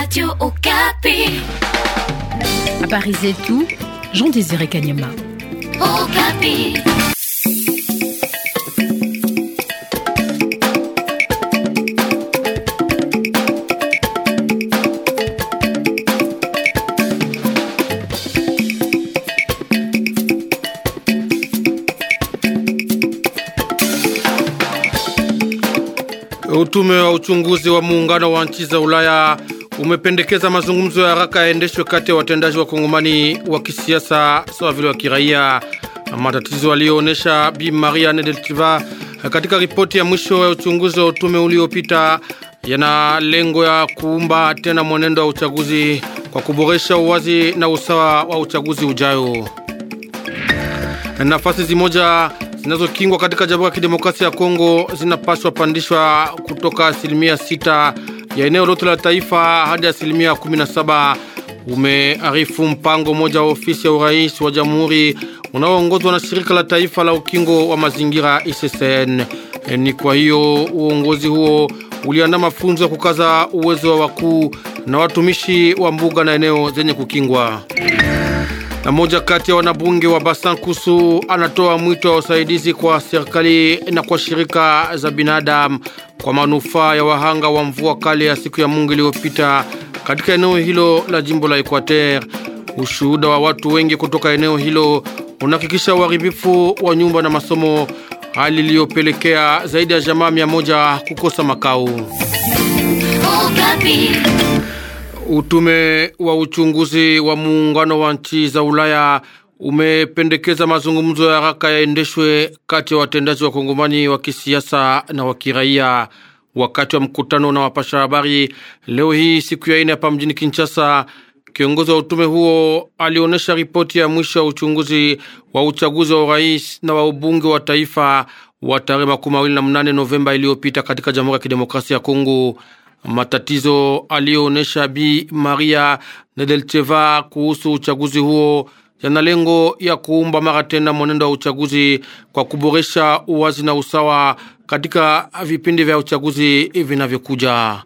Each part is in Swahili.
Radio Okapi. À Paris et tout, Jean-Désiré Kanyama. Okapi. Utume wa uchunguzi wa muungano wa nchi za Ulaya umependekeza mazungumzo ya haraka yaendeshwe kati ya watendaji wa kongomani wa kisiasa sawa vile wa kiraia. Matatizo aliyoonyesha Bi Maria Nedeltiva katika ripoti ya mwisho ya uchunguzi wa utume uliopita yana lengo ya kuumba tena mwenendo wa uchaguzi kwa kuboresha uwazi na usawa wa uchaguzi ujayo. Nafasi zimoja zinazokingwa katika Jamhuri ya Kidemokrasia ya Kongo zinapaswa pandishwa kutoka asilimia sita ya eneo lote la taifa hadi asilimia 17, umearifu mpango mmoja wa ofisi ya urais wa jamhuri unaoongozwa na shirika la taifa la ukingo wa mazingira ICCN. Eh, ni kwa hiyo uongozi huo uliandaa mafunzo ya kukaza uwezo wa wakuu na watumishi wa mbuga na eneo zenye kukingwa. Na moja kati ya wanabunge wa Basankusu anatoa mwito wa usaidizi kwa serikali na kwa shirika za binadamu kwa manufaa ya wahanga wa mvua kali ya siku ya Mungu iliyopita katika eneo hilo la jimbo la Equateur. Ushuhuda wa watu wengi kutoka eneo hilo unahakikisha uharibifu wa nyumba na masomo, hali iliyopelekea zaidi ya jamaa mia moja kukosa makao. Oh, Utume wa uchunguzi wa muungano wa nchi za Ulaya umependekeza mazungumzo ya haraka yaendeshwe kati ya watendaji wa kongomani wa kisiasa na wa kiraia. Wakati wa mkutano na wapasha habari leo hii siku ya ine hapa mjini Kinshasa, kiongozi wa utume huo alionyesha ripoti ya mwisho wa uchunguzi wa uchaguzi wa urais na wa ubunge wa taifa wa tarehe makumi mawili na mnane Novemba iliyopita katika Jamhuri ya Kidemokrasia ya Kongo matatizo aliyoonyesha Bi Maria Nedelcheva kuhusu uchaguzi huo yana lengo ya kuumba mara tena mwenendo wa uchaguzi kwa kuboresha uwazi na usawa katika vipindi vya uchaguzi vinavyokuja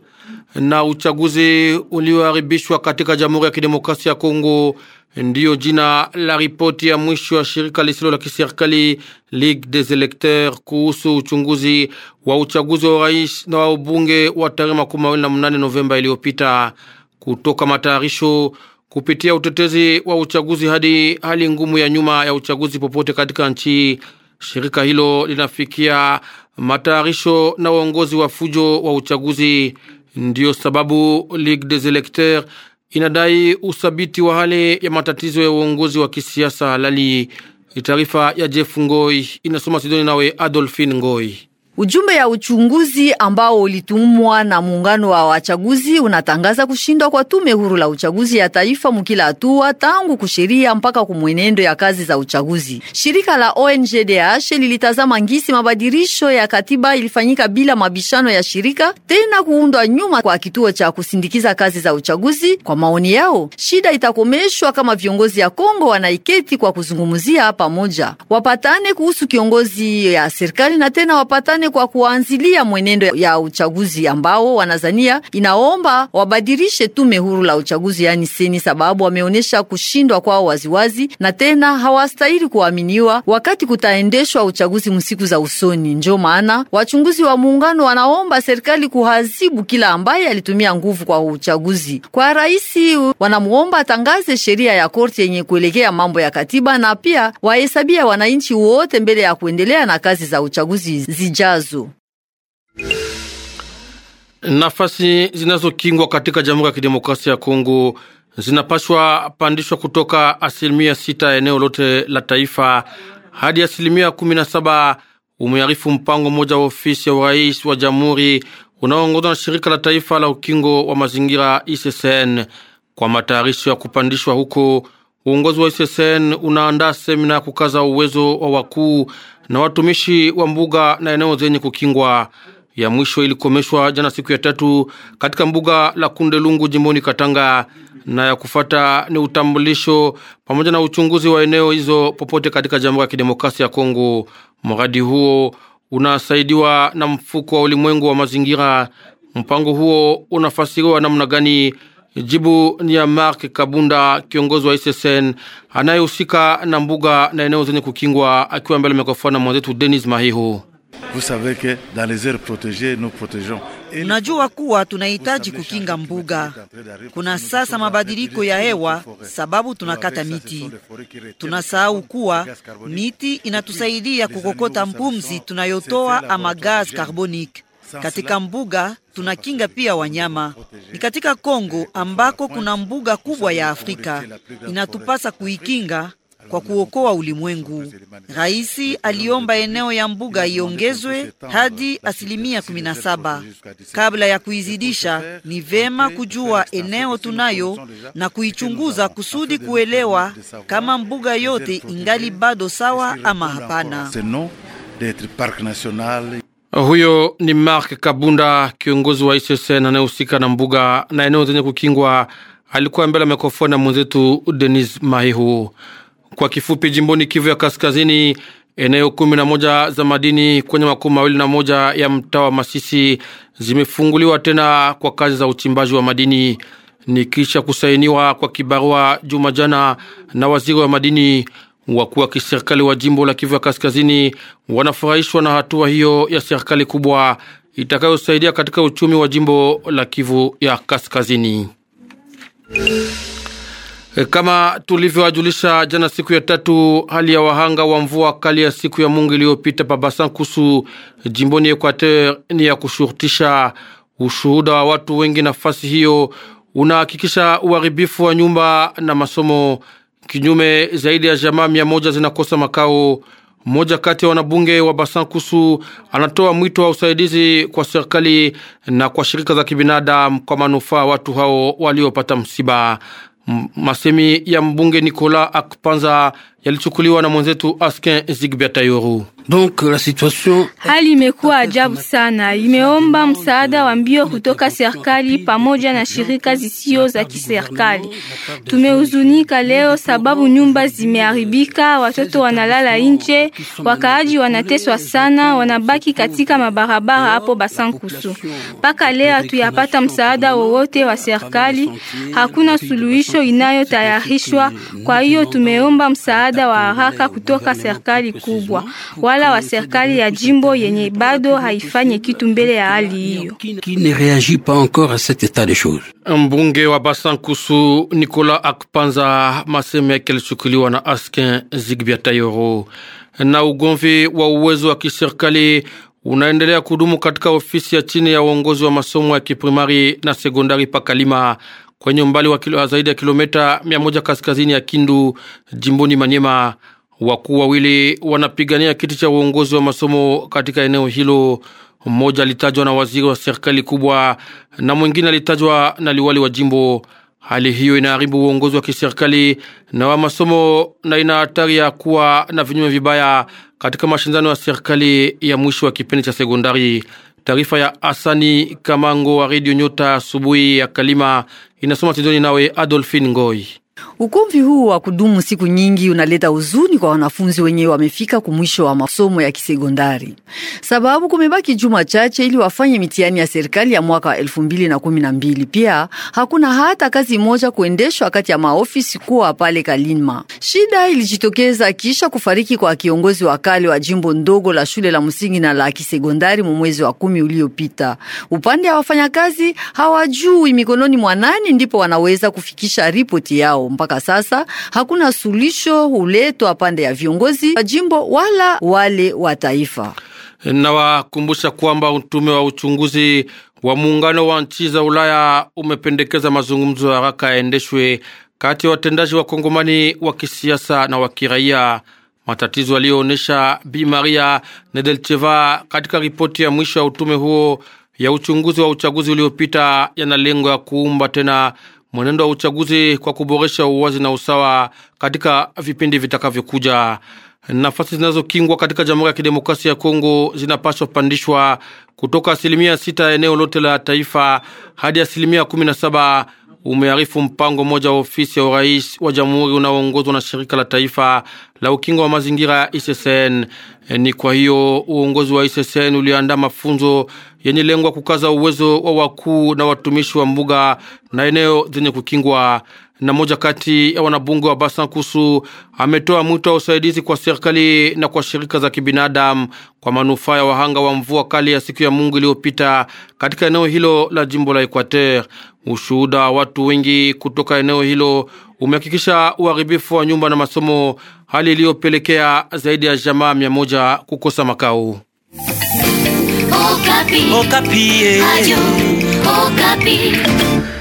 na uchaguzi ulioharibishwa katika Jamhuri ya Kidemokrasia ya Kongo Ndiyo jina la ripoti ya mwisho ya shirika lisilo la kiserikali Ligue des Electeurs kuhusu uchunguzi wa uchaguzi wa urais na wa ubunge wa tarehe makumi mawili na mnane Novemba iliyopita. Kutoka matayarisho kupitia utetezi wa uchaguzi hadi hali ngumu ya nyuma ya uchaguzi popote katika nchi, shirika hilo linafikia matayarisho na uongozi wa fujo wa uchaguzi. Ndiyo sababu Ligue des Electeurs inadai uthabiti wa hali ya matatizo ya uongozi wa kisiasa halali. Taarifa ya Jeff Ngoi inasoma Sidoni nawe Adolfin Ngoi. Ujumbe ya uchunguzi ambao ulitumwa na muungano wa wachaguzi unatangaza kushindwa kwa tume huru la uchaguzi ya taifa mukila hatua tangu kusheria mpaka kumwenendo ya kazi za uchaguzi. Shirika la ONGDH lilitazama ngisi mabadilisho ya katiba ilifanyika bila mabishano ya shirika tena kuundwa nyuma kwa kituo cha kusindikiza kazi za uchaguzi. Kwa maoni yao, shida itakomeshwa kama viongozi ya Kongo wanaiketi kwa kuzungumzia pamoja, wapatane kuhusu kiongozi ya serikali na tena wapatane kwa kuanzilia mwenendo ya uchaguzi ambao wanazania inaomba wabadilishe tume huru la uchaguzi yani seni, sababu wameonyesha kushindwa kwao waziwazi na tena hawastahili kuaminiwa wakati kutaendeshwa uchaguzi msiku za usoni. njo maana wachunguzi wa muungano wanaomba serikali kuhazibu kila ambaye alitumia nguvu kwa uchaguzi. Kwa rais, wanamuomba atangaze sheria ya korti yenye kuelekea mambo ya katiba na pia wahesabia wananchi wote mbele ya kuendelea na kazi za uchaguzi zija tangazo. Nafasi zinazokingwa katika Jamhuri ya Kidemokrasia ya Kongo zinapashwa pandishwa kutoka asilimia sita eneo lote la taifa hadi asilimia kumi na saba umearifu mpango mmoja wa ofisi ya urais wa jamhuri unaoongozwa na shirika la taifa la ukingo wa mazingira ICCN. Kwa matayarisho ya kupandishwa huko, uongozi wa ssn unaandaa semina ya kukaza uwezo wa wakuu na watumishi wa mbuga na eneo zenye kukingwa. Ya mwisho ilikomeshwa jana siku ya tatu katika mbuga la Kundelungu jimboni Katanga, na ya kufata ni utambulisho pamoja na uchunguzi wa eneo hizo popote katika Jamhuri ya Kidemokrasia ya Kongo. Mradi huo unasaidiwa na mfuko wa ulimwengu wa mazingira. Mpango huo unafasiriwa namna gani Jibu ni ya Mark Kabunda, kiongozi wa SSN anayehusika na mbuga na eneo zenye kukingwa, akiwa mbele mikrofoni na mwenzetu Denis Mahihu. Unajua kuwa tunahitaji kukinga mbuga. Kuna sasa mabadiliko ya hewa, sababu tunakata miti. Tunasahau kuwa miti inatusaidia kukokota mpumzi tunayotoa ama gaz carbonique katika mbuga tunakinga pia wanyama. Ni katika Kongo ambako kuna mbuga kubwa ya Afrika, inatupasa kuikinga kwa kuokoa ulimwengu. Rais aliomba eneo ya mbuga iongezwe hadi asilimia 17. Kabla ya kuizidisha, ni vema kujua eneo tunayo na kuichunguza kusudi kuelewa kama mbuga yote ingali bado sawa ama hapana. Huyo ni Mark Kabunda, kiongozi wa ISSN anayehusika na mbuga na eneo zenye kukingwa. Alikuwa mbele ya mikrofoni ya mwenzetu Denis Mahihu. Kwa kifupi, jimboni Kivu ya Kaskazini, eneo kumi na moja za madini kwenye makumi mawili na moja ya mtaa wa Masisi zimefunguliwa tena kwa kazi za uchimbaji wa madini ni kisha kusainiwa kwa kibarua juma jana na waziri wa madini Wakuu wa kiserikali wa jimbo la Kivu ya Kaskazini wanafurahishwa na hatua hiyo ya serikali kubwa itakayosaidia katika uchumi wa jimbo la Kivu ya Kaskazini. E, kama tulivyowajulisha jana siku ya tatu, hali ya wahanga wa mvua kali ya siku ya Mungu iliyopita Pabasankusu jimboni Equateur ni ya kushurutisha. Ushuhuda wa watu wengi nafasi hiyo unahakikisha uharibifu wa nyumba na masomo. Kinyume, zaidi ya jamaa mia moja zinakosa makao. Mmoja kati ya wanabunge wa Basan Kusu anatoa mwito wa usaidizi kwa serikali na kwa shirika za kibinadamu kwa manufaa watu hao waliopata msiba. Masemi ya mbunge Nikola Akpanza yalichukuliwa na mwenzetu Askin Zigbert Donc, la situation... hali imekuwa ajabu sana, imeomba msaada wa mbio kutoka serikali pamoja na shirika zisio za kiserikali. Tumehuzunika leo sababu nyumba zimeharibika, watoto wanalala nje, wakaaji wanateswa sana, wanabaki katika mabarabara hapo Basankusu. Mpaka leo hatuyapata msaada wowote wa serikali, hakuna suluhisho inayotayarishwa. Kwa hiyo tumeomba msaada msaada wa haraka kutoka serikali kubwa wala wa serikali ya jimbo yenye bado haifanye kitu mbele ya hali hiyo. Mbunge wa Basankusu Nicolas Akpanza maseme yake alichukuliwa na Askin Zigbia Tayoro. Na ugomvi wa uwezo wa kiserikali unaendelea kudumu katika ofisi ya chini ya uongozi wa masomo ya kiprimari na sekondari pa Kalima kwenye umbali wa kilo, zaidi ya kilomita mia moja kaskazini ya Kindu jimboni Manyema. Wakuu wawili wanapigania kiti cha uongozi wa masomo katika eneo hilo. Mmoja alitajwa na waziri wa serikali kubwa na mwingine alitajwa na liwali wa jimbo. Hali hiyo inaharibu uongozi wa kiserikali na wa masomo na ina hatari ya kuwa na vinyume vibaya katika mashindano ya serikali ya mwisho wa kipindi cha sekondari. Taarifa ya Asani Kamango wa redio Nyota asubuhi ya Kalima inasoma tizoni nawe Adolfin Ngoi. Ukomvi huu wa kudumu siku nyingi unaleta huzuni kwa wanafunzi wenye wamefika kumwisho wa masomo ya kisekondari, sababu kumebaki juma chache ili wafanye mitihani ya serikali ya mwaka wa elfu mbili na kumi na mbili. Pia hakuna hata kazi moja kuendeshwa kati ya maofisi kuwa pale kalima Shida ilijitokeza kisha kufariki kwa kiongozi wa kale wa jimbo ndogo la shule la msingi na la kisekondari mu mwezi wa kumi uliopita. Upande wa wafanyakazi hawajui mikononi mwa nani ndipo wanaweza kufikisha ripoti yao mpaka mpaka sasa hakuna sulisho huletwa pande ya viongozi wa jimbo wala wale wa taifa. Na wakumbusha kwamba utume wa uchunguzi wa muungano wa nchi za Ulaya umependekeza mazungumzo ya haraka yaendeshwe kati ya watendaji wa kongomani wa kisiasa na wa kiraia matatizo aliyoonyesha Bi Maria Nedelcheva katika ripoti ya mwisho ya utume huo ya uchunguzi wa uchaguzi uliopita yana lengo ya kuumba tena mwenendo wa uchaguzi kwa kuboresha uwazi na usawa katika vipindi vitakavyokuja. Nafasi zinazokingwa katika Jamhuri ya Kidemokrasia ya Kongo zinapaswa kupandishwa kutoka asilimia sita eneo lote la taifa hadi asilimia kumi na saba umearifu mpango mmoja wa ofisi ya urais wa jamhuri unaoongozwa na shirika la taifa la ukingo wa mazingira ISSN. E, ni kwa hiyo uongozi wa ISSN uliandaa mafunzo yenye lengo kukaza uwezo wa wakuu na watumishi wa mbuga na eneo zenye kukingwa na moja kati ya wanabunge wa Basankusu ametoa mwito wa usaidizi kwa serikali na kwa shirika za kibinadamu kwa manufaa ya wahanga wa mvua kali ya siku ya Mungu iliyopita katika eneo hilo la jimbo la Equateur. Ushuhuda wa watu wengi kutoka eneo hilo umehakikisha uharibifu wa nyumba na masomo, hali iliyopelekea zaidi ya jamaa mia moja kukosa makao. Okapi. Okapi. Eh.